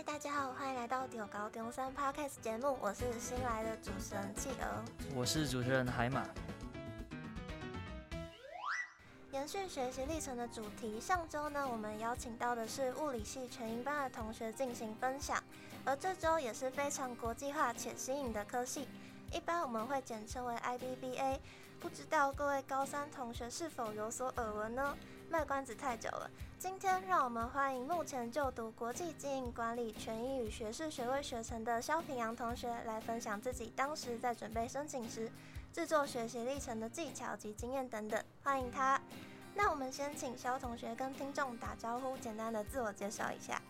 Hi, 大家好，歡迎來到《頂我高中三》Podcast 節目，我是新來的主持人季娥，我是主持人海馬。延續學習歷程的主題，上周呢，我們邀請到的是物理系全英班的同學進行分享，而這周也是非常國際化且新穎的科系，一般我們會簡稱為 IBBA，不知道各位高三同學是否有所耳聞呢？賣關子太久了，今天讓我們歡迎目前就讀國際經營管理全英語學士學位學程的蕭平洋同學來分享自己當時在準備申請時制作學習歷程的技巧及經驗等等，歡迎他。那我們先請蕭同學跟聽眾打招呼，簡單的自我介紹一下。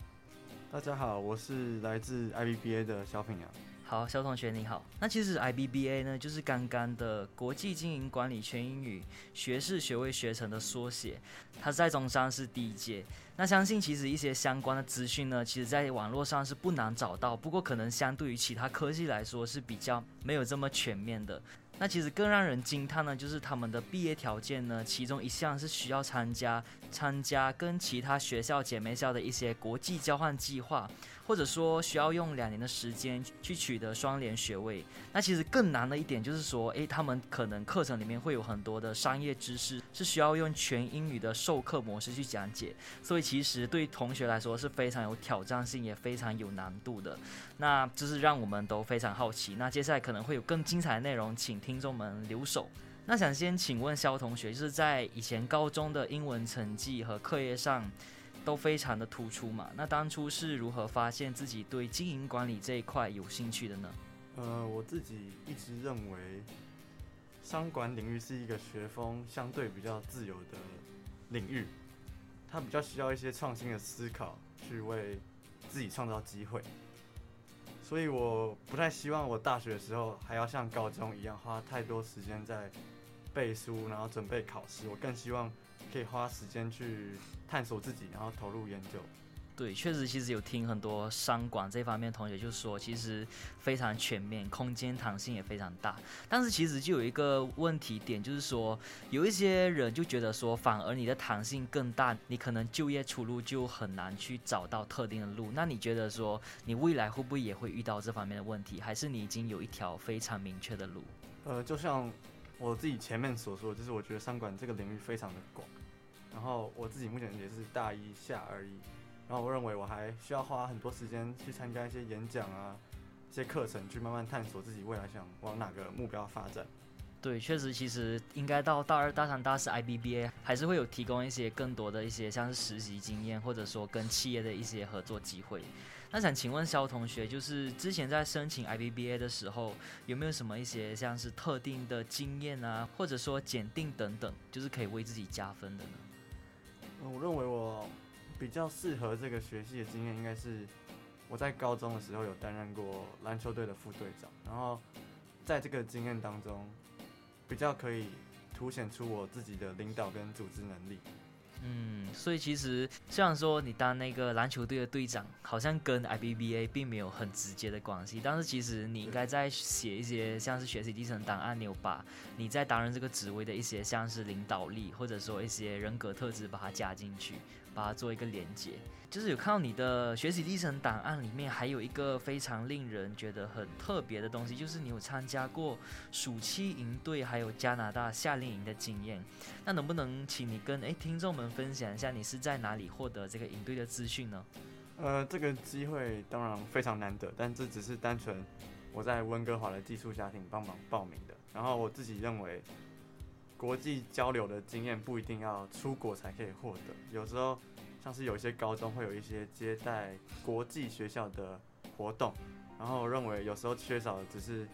大家好，我是來自 IBBA 的蕭平洋。好，蕭同學你好。那其實 IBBA 呢，就是剛剛的國際經營管理全英語學士學位學程的縮寫。它在中山是第一屆。那相信其實一些相關的資訊呢，其實在網絡上是不難找到。不過可能相對於其他科系來說，是比較沒有這麼全面的。那其實更讓人驚嘆呢，就是他們的畢業條件呢，其中一項是需要參加參加跟其他學校姐妹校的一些國際交換計劃，或者說需要用兩年的時間去取得雙聯學位。那其實更難的一點就是說，誒，他們可能課程裡面會有很多的商業知識是需要用全英語的授課模式去講解，所以其實對於同學來說是非常有挑戰性，也非常有難度的。那就是讓我們都非常好奇。那接下來可能會有更精彩的內容，請聽。聽眾們留守，那想先請問蕭同學，就是在以前高中的英文成績和課業上都非常的突出嘛？那當初是如何發現自己對經營管理這一塊有興趣的呢？呃，我自己一直認為，商管領域是一個學風相對比較自由的領域，它比較需要一些創新的思考，去為自己創造機會。所以我不太希望我大學的時候還要像高中一樣花太多時間在背書，然後準備考試。我更希望可以花時間去探索自己，然後投入研究。對，確實，其實有聽很多商管這方面同學就說，其實非常全面，空間彈性也非常大。但是其實就有一個問題點，就是說有一些人就覺得說，反而你的彈性更大，你可能就業出路就很難去找到特定的路。那你覺得說，你未來會不會也會遇到這方面的問題，還是你已經有一條非常明確的路？呃，就像我自己前面所說，就是我覺得商管這個領域非常的廣。然後我自己目前也是大一下而已。那我認為我還需要花很多時間去參加一些演講啊，一些課程，去慢慢探索自己未來想往哪個目標發展。對，確實，其實應該到大二、大三、大四 IBBA 還是會有提供一些更多的一些像是實習經驗，或者說跟企業的一些合作機會。那想請問肖同學，就是之前在申請 IBBA 的時候，有沒有什麼一些像是特定的經驗啊，或者說檢定等等，就是可以為自己加分的呢？嗯、我認為我，比較適合這個學習的經驗，應該是我在高中的時候有擔任過籃球隊的副隊長，然後在這個經驗當中，比較可以凸顯出我自己的領導跟組織能力。嗯，所以其實雖然說你當那個籃球隊的隊長，好像跟 IBBA 並沒有很直接的關係，但是其實你應該在寫一些像是學習歷程檔案，你有把你在擔任這個職位的一些像是領導力，或者說一些人格特質，把它加進去。把它做一個連接，就是有看到你的學習歷程檔案裡面，還有一個非常令人覺得很特別的東西，就是你有參加過暑期營隊，還有加拿大夏令營的經驗。那能不能請你跟誒、欸、聽眾們分享一下，你是在哪裡獲得這個營隊的資訊呢？呃，這個機會當然非常難得，但這只是單純我在溫哥華的寄宿家庭幫忙報名的，然後我自己認為。國際交流的經驗不一定要出國才可以獲得，有時候像是有一些高中會有一些接待國際學校的活動，然後我認為有時候缺少的只是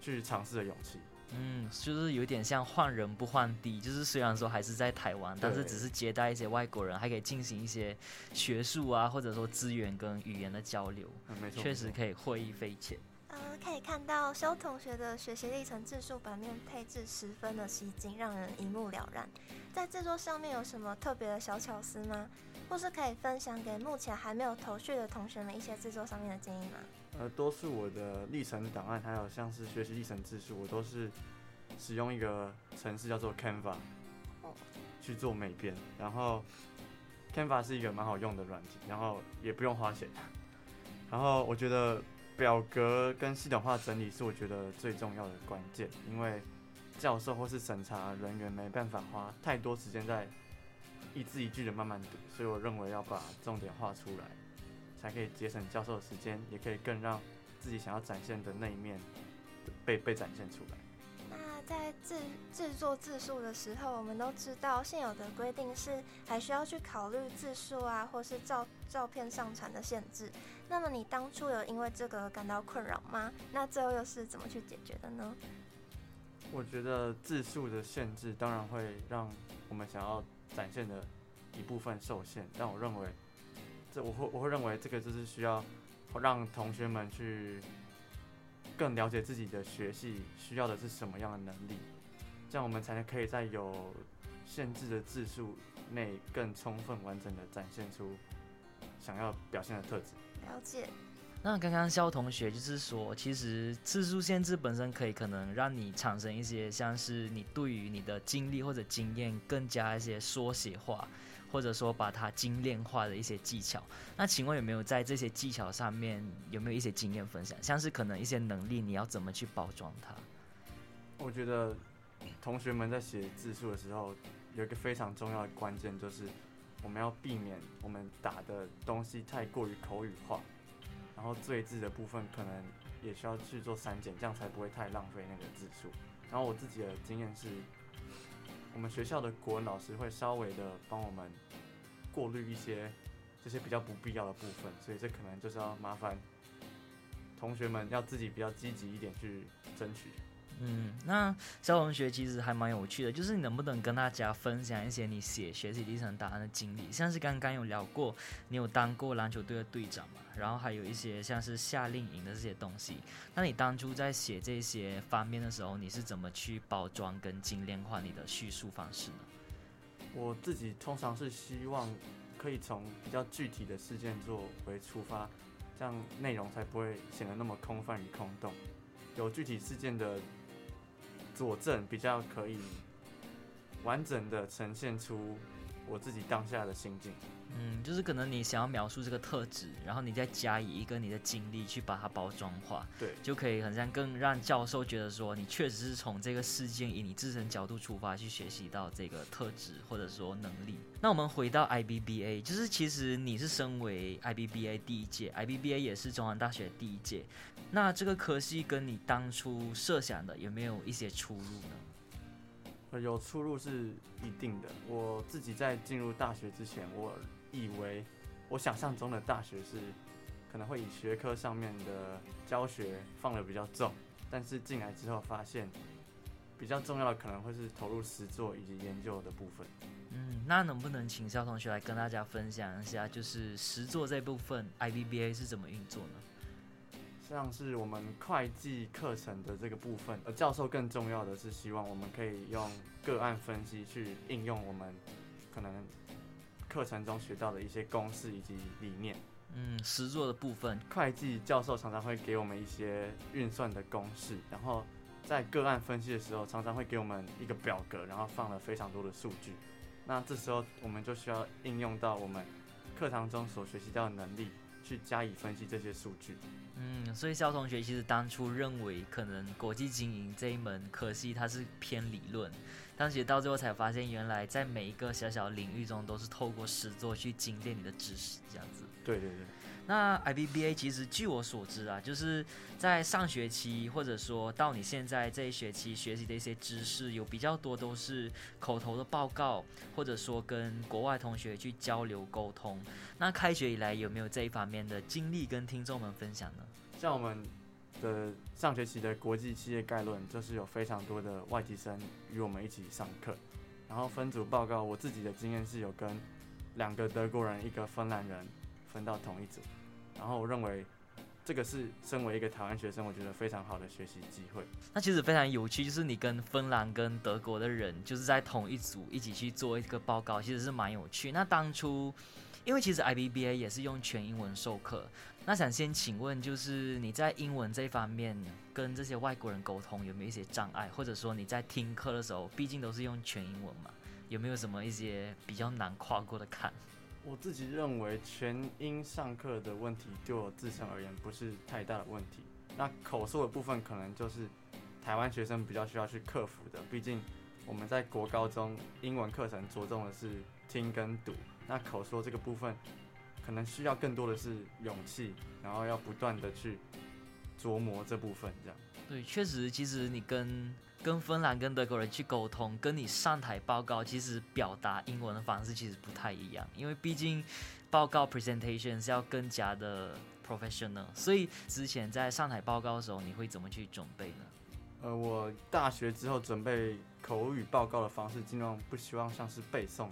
去嘗試的勇氣。嗯，就是有點像換人不換地，就是雖然說還是在台灣，但是只是接待一些外國人，還可以進行一些學術啊，或者說資源跟語言的交流，嗯，沒錯，確實可以獲益匪淺。嗯呃、可以看到蕭同學的學習歷程自述版面配置十分的吸睛，讓人一目了然。在製作上面有什麼特別的小巧思嗎？或是可以分享給目前還沒有頭緒的同學們一些製作上面的建議嗎？呃，多數我的歷程檔案，還有像是學習歷程自述，我都是使用一個程式叫做 Canva 去做美編。然後 Canva 是一個蠻好用的軟件，然後也不用花錢。然後我覺得。表格跟系統化整理是我覺得最重要的關鍵，因為教授或是審查人員沒辦法花太多時間在一字一句的慢慢讀，所以我認為要把重點畫出來，才可以節省教授的時間，也可以更讓自己想要展現的那一面被被展現出來。那在制制作自述的時候，我們都知道現有的規定是還需要去考慮字數啊，或是照照片上傳的限制。那麼你當初有因為這個感到困擾嗎？那最後又是怎麼去解決的呢？我覺得字數的限制當然會讓我們想要展現的一部分受限，但我認為這我會我會認為這個就是需要讓同學們去更了解自己的學系需要的是什麼樣的能力，這樣我們才能可以在有限制的字數內更充分完整的展現出想要表現的特質。了解，那剛剛蕭同學就是說，其實字數限制本身可以可能讓你產生一些像是你對於你的經歷或者經驗更加一些縮寫化，或者說把它精煉化的一些技巧。那請問有沒有在這些技巧上面有沒有一些經驗分享？像是可能一些能力你要怎麼去包裝它？我覺得同學們在寫自述的時候有一個非常重要的關鍵就是。我們要避免我們打的東西太過於口語化，然後最字的部分可能也需要去做刪減，這樣才不會太浪費那個字數。然後我自己的經驗是，我們學校的國文老師會稍微的幫我們過濾一些這些比較不必要的部分，所以這可能就是要麻煩同學們要自己比較積極一點去爭取。嗯，那蕭同學其實還蠻有趣的，就是你能不能跟大家分享一些你寫學習歷程檔案的經歷？像是剛剛有聊過，你有當過籃球隊的隊長嘛？然後還有一些像是夏令營的這些東西。那你當初在寫這些方面的時候，你是怎麼去包裝跟精煉化你的敘述方式呢？我自己通常是希望可以從比較具體的事件作為出發，這樣內容才不會顯得那麼空泛與空洞，有具體事件的。佐證比較可以完整的呈現出。我自己當下的心境，嗯，就是可能你想要描述這個特質，然後你再加以一個你的經歷去把它包裝化，對，就可以很像更讓教授覺得說，你確實是從這個事件以你自身角度出發去學習到這個特質或者說能力。那我們回到 IBBA，就是其實你是身為 IBBA 第一屆，IBBA 也是中山大學第一屆，那這個科系跟你當初設想的有沒有一些出入呢？有出入是一定的。我自己在進入大學之前，我以為我想象中的大學是可能會以學科上面的教學放得比較重，但是進來之後發現比較重要的可能會是投入實作以及研究的部分。嗯，那能不能請蕭同學來跟大家分享一下，就是實作這部分，IBBA 是怎麼運作呢？像是我們會計課程的這個部分，而教授更重要的是希望我們可以用個案分析去應用我們可能課程中學到的一些公式以及理念。嗯，實作的部分，會計教授常常會給我們一些運算的公式，然後在個案分析的時候，常常會給我們一個表格，然後放了非常多的數據。那這時候我們就需要應用到我們課堂中所學習到的能力。去加以分析這些數據，嗯，所以蕭同學其實當初認為可能國際經營這一門，可惜它是偏理論，但其實到最後才發現，原來在每一個小小領域中，都是透過實作去精煉你的知識，這樣子。對對對。那 IBBA 其實據我所知啊，就是在上學期或者說到你現在這一學期學習的一些知識，有比較多都是口頭的報告，或者說跟國外同學去交流溝通。那開學以來有沒有這一方面的經歷跟聽眾們分享呢？像我們的上學期的國際企業概論，就是有非常多的外籍生與我們一起上課，然後分組報告。我自己的經驗是有跟兩個德國人，一個芬蘭人分到同一組。然後我認為，這個是身為一個台灣學生，我覺得非常好的學習機會。那其實非常有趣，就是你跟芬蘭、跟德國的人，就是在同一組一起去做一個報告，其實是蠻有趣。那當初，因為其實 IBBA 也是用全英文授課，那想先請問，就是你在英文這方面跟這些外國人溝通有沒有一些障礙？或者說你在聽課的時候，畢竟都是用全英文嘛，有沒有什麼一些比較難跨過的坎？我自己認為全英上課的問題，對我自身而言不是太大的問題。那口說的部分，可能就是台灣學生比較需要去克服的。畢竟我們在國高中英文課程着重的是聽跟讀，那口說這個部分，可能需要更多的是勇氣，然後要不斷的去琢磨這部分這樣。對，確實，其實你跟跟芬蘭、跟德國人去溝通，跟你上台報告，其實表達英文的方式其實不太一樣，因為畢竟報告 presentation 是要更加的 professional。所以之前在上台報告的時候，你會怎麼去準備呢？呃，我大學之後準備口語報告的方式，盡量不希望像是背誦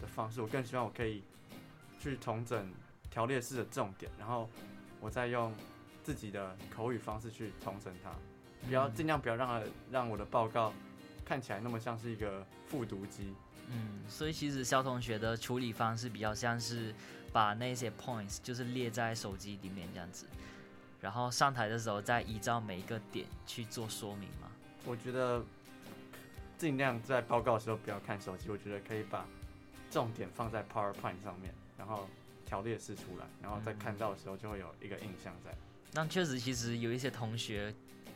的方式，我更希望我可以去重整條列式的重點，然後我再用自己的口語方式去重整它。不要儘量不要讓他讓我的報告看起來那麼像是一個複讀機。嗯，所以其實蕭同學的處理方式比較像是把那些 points 就是列在手機裡面這樣子，然後上台的時候再依照每一個點去做說明嘛。我覺得儘量在報告的時候不要看手機，我覺得可以把重點放在 PowerPoint 上面，然後條列式出來，然後再看到的時候就會有一個印象在。嗯、那確實，其實有一些同學。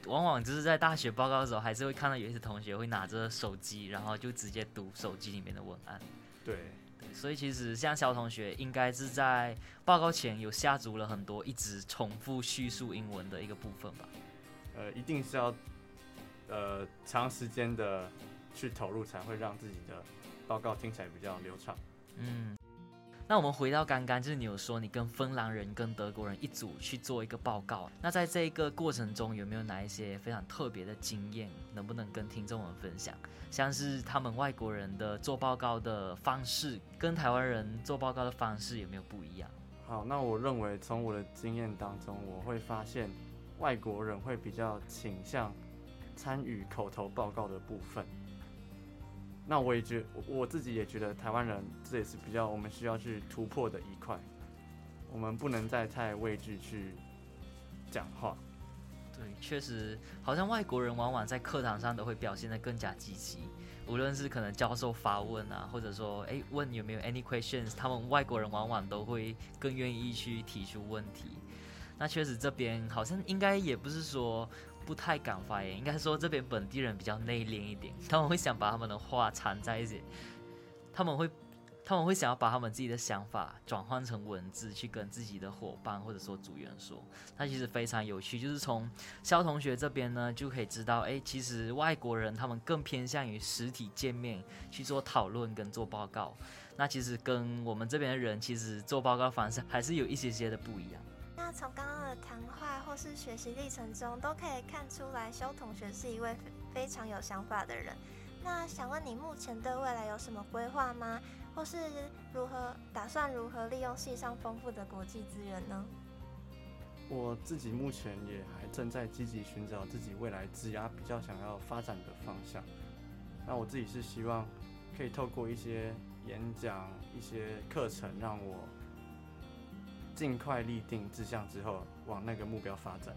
往往就是在大學報告的時候，還是會看到有一些同學會拿着手機，然後就直接讀手機裡面的文案。對。對，所以其實像蕭同學應該是在報告前有下足了很多一直重複敘述英文的一個部分吧。呃，一定是要呃長時間的去投入，才會讓自己的報告聽起來比較流暢。嗯。那我們回到剛剛，就是你有說你跟芬蘭人、跟德國人一組去做一個報告。那在這個過程中，有沒有哪一些非常特別的經驗，能不能跟聽眾們分享？像是他們外國人的做報告的方式，跟台灣人做報告的方式有沒有不一樣？好，那我認為從我的經驗當中，我會發現外國人會比較傾向參與口頭報告的部分。那我也覺，我自己也覺得台灣人這也是比較我們需要去突破的一塊，我們不能再太畏懼去講話。對，確實，好像外國人往往在課堂上都會表現得更加積極，無論是可能教授發問啊，或者說誒、欸、問有沒有 any questions，他們外國人往往都會更願意去提出問題。那確實這邊好像應該也不是說。不太敢發言，應該說這邊本地人比較內斂一點，他們會想把他們的話藏在一起，他們會，他們會想要把他們自己的想法轉換成文字去跟自己的夥伴或者說組員說。那其實非常有趣，就是從蕭同學這邊呢就可以知道，哎、欸，其實外國人他們更偏向於實體見面去做討論跟做報告。那其實跟我們這邊的人其實做報告方式還是有一些些的不一樣。那從剛剛的談話或是學習歷程中，都可以看出來，蕭同學是一位非常有想法的人。那想問你，目前對未來有什麼規劃嗎？或是如何打算如何利用系上豐富的國際資源呢？我自己目前也還正在積極尋找自己未來職涯比較想要發展的方向。那我自己是希望可以透過一些演講、一些課程，讓我儘快立定志向之後，往那個目標發展。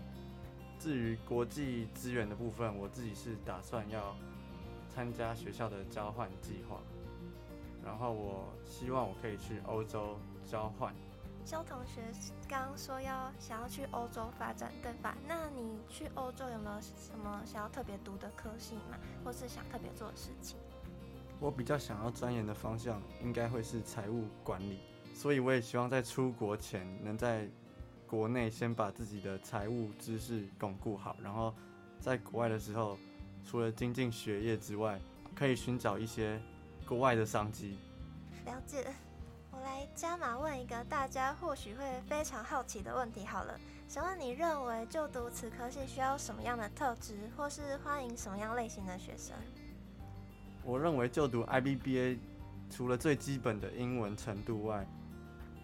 至於國際資源的部分，我自己是打算要參加學校的交換計劃，然後我希望我可以去歐洲交換。蕭同學剛剛說要想要去歐洲發展，對吧？那你去歐洲有沒有什麼想要特別讀的科系嘛，或是想特別做的事情？我比較想要鑽研的方向應該會是財務管理。所以我也希望在出國前能在國內先把自己的財務知識鞏固好，然後在國外的時候，除了精進學業之外，可以尋找一些國外的商機。了解，我來加碼問一個大家或許會非常好奇的問題好了，想問你認為就讀此科系需要什麼樣的特質，或是歡迎什麼樣類型的學生？我認為就讀 IBBA 除了最基本的英文程度外，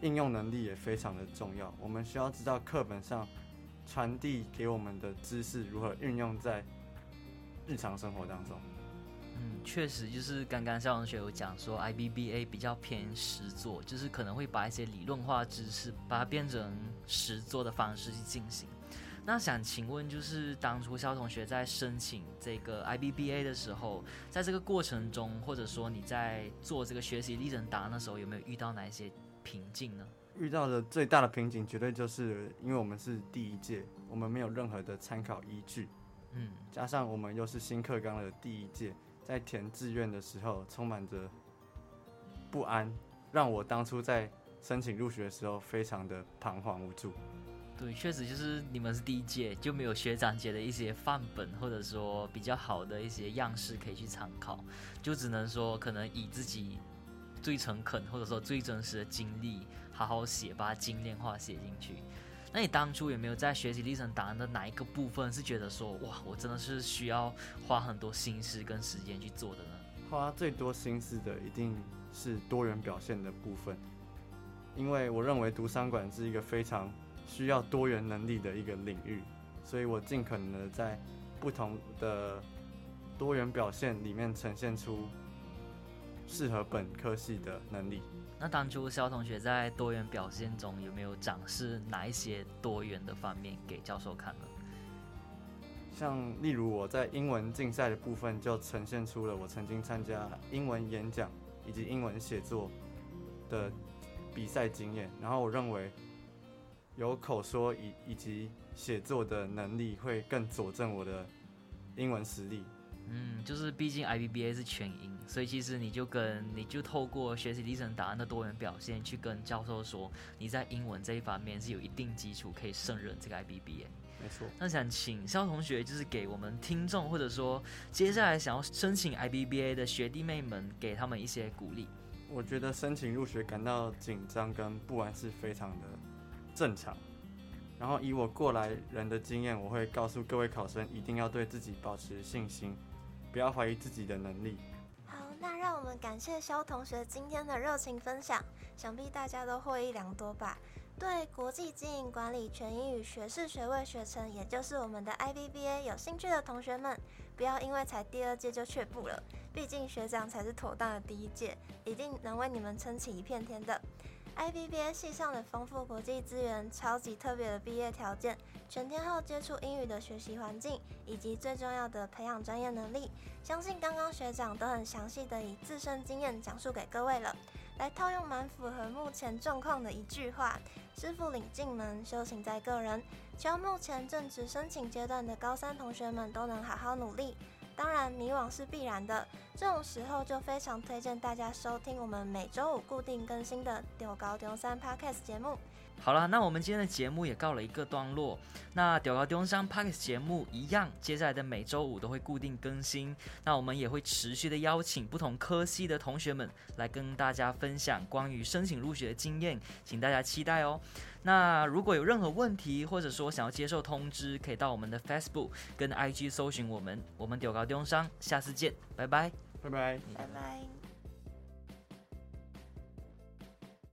應用能力也非常的重要，我們需要知道課本上傳遞給我們的知識如何運用在日常生活當中。嗯，確實，就是剛剛蕭同學有講說 IBBA 比較偏實作，就是可能會把一些理論化知識，把它變成實作的方式去進行。那想請問，就是當初蕭同學在申請這個 IBBA 的時候，在這個過程中，或者說你在做這個學習歷程檔案的時候，有沒有遇到哪一些瓶頸呢？遇到的最大的瓶頸，絕對就是因為我們是第一屆，我們沒有任何的參考依據。嗯，加上我們又是新課綱的第一屆，在填志願的時候充滿着不安，讓我當初在申請入學的時候非常的彷徨無助。對，確實就是你們是第一屆，就沒有學長姐的一些範本，或者說比較好的一些樣式可以去參考，就只能說可能以自己。最誠懇或者說最真實的經歷，好好寫，把它精煉化寫進去。那你當初有沒有在學習歷程檔案的哪一個部分是覺得說哇，我真的是需要花很多心思跟時間去做的呢？花最多心思的一定是多元表現的部分，因為我認為讀商管是一個非常需要多元能力的一個領域，所以我盡可能的在不同的多元表現裡面呈現出適合本科系的能力。那當初蕭同學在多元表現中有沒有展示哪一些多元的方面給教授看呢？像例如我在英文競賽的部分就呈現出了我曾經參加英文演講以及英文寫作的比賽經驗。然後我認為有口說以以及寫作的能力會更佐證我的英文實力。嗯，就是畢竟 IBBA 是全英，所以其實你就跟你就透過學習歷程檔案的多元表現，去跟教授說你在英文這一方面是有一定基礎，可以勝任這個 IBBA。沒錯。那想請蕭同學就是給我們聽眾或者說接下來想要申請 IBBA 的學弟妹們，給他們一些鼓勵。我覺得申請入學感到緊張跟不安是非常的正常。然後以我過來人的經驗，我會告訴各位考生，一定要對自己保持信心。不要懷疑自己的能力。好，那讓我們感謝蕭同學今天的熱情分享，想必大家都獲益良多吧。對國際經營管理全英語學士學位學程，也就是我們的 IBBA 有興趣的同學們，不要因為才第二屆就卻步了，畢竟學長才是妥當的第一屆，一定能為你們撐起一片天的。IBBA 系上的豐富國際資源、超級特別的畢業條件、全天候接觸英語的學習環境，以及最重要的培養專業能力，相信剛剛學長都很詳細的以自身經驗講述給各位了。來套用蠻符合目前狀況的一句話：“師傅領進門，修行在個人。”希望目前正值申請階段的高三同學們都能好好努力。當然，迷惘是必然的。這種時候，就非常推薦大家收聽我們每週五固定更新的《丟高丟三》Podcast 節目。好啦，那我們今天的節目也告了一個段落。那中猴中山 Podcast 節目一樣，接下來的每周五都會固定更新。那我們也會持續的邀請不同科系的同學們來跟大家分享關於申請入學的經驗，請大家期待哦。那如果有任何問題，或者說想要接受通知，可以到我們的 Facebook 跟 IG 搜尋我們，我們中猴中山，下次見，拜拜，拜拜，拜拜。